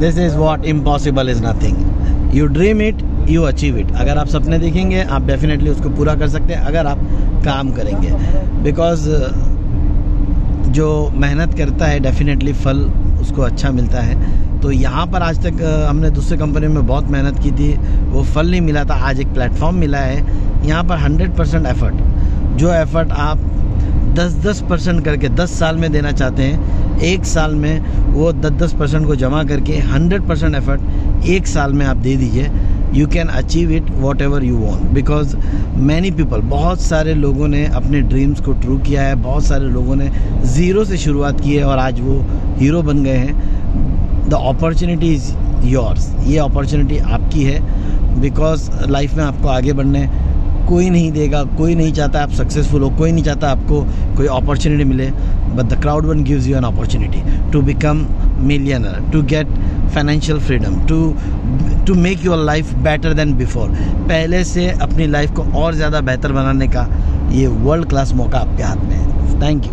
this is what impossible is nothing you dream it you achieve it अगर आप सपने देखेंगे आप डेफिनेटली उसको पूरा कर सकते हैं अगर आप काम करेंगे बिकॉज uh, जो मेहनत करता है डेफिनेटली फल उसको अच्छा मिलता है तो यहाँ पर आज तक uh, हमने दूसरे कंपनी में बहुत मेहनत की थी वो फल नहीं मिला था आज एक प्लेटफॉर्म मिला है यहाँ पर 100 परसेंट एफर्ट जो एफर्ट आप 10-10 परसेंट करके 10 साल में देना चाहते हैं एक साल में वो दस दस परसेंट को जमा करके हंड्रेड परसेंट एफर्ट एक साल में आप दे दीजिए you can achieve it whatever you want because many people बहुत सारे लोगों ने अपने ड्रीम्स को ट्रू किया है बहुत सारे लोगों ने ज़ीरो से शुरुआत की है और आज वो हीरो बन गए हैं द अपॉर्चुनिटी इज़ योर्स ये अपॉर्चुनिटी आपकी है बिकॉज लाइफ में आपको आगे बढ़ने कोई नहीं देगा कोई नहीं चाहता आप सक्सेसफुल हो कोई नहीं चाहता आपको कोई अपॉर्चुनिटी मिले but the crowd one gives you an opportunity to become millionaire to get financial freedom to to make your life better than before पहले से अपनी लाइफ को और ज़्यादा बेहतर बनाने का ये वर्ल्ड क्लास मौका आपके हाथ में है थैंक यू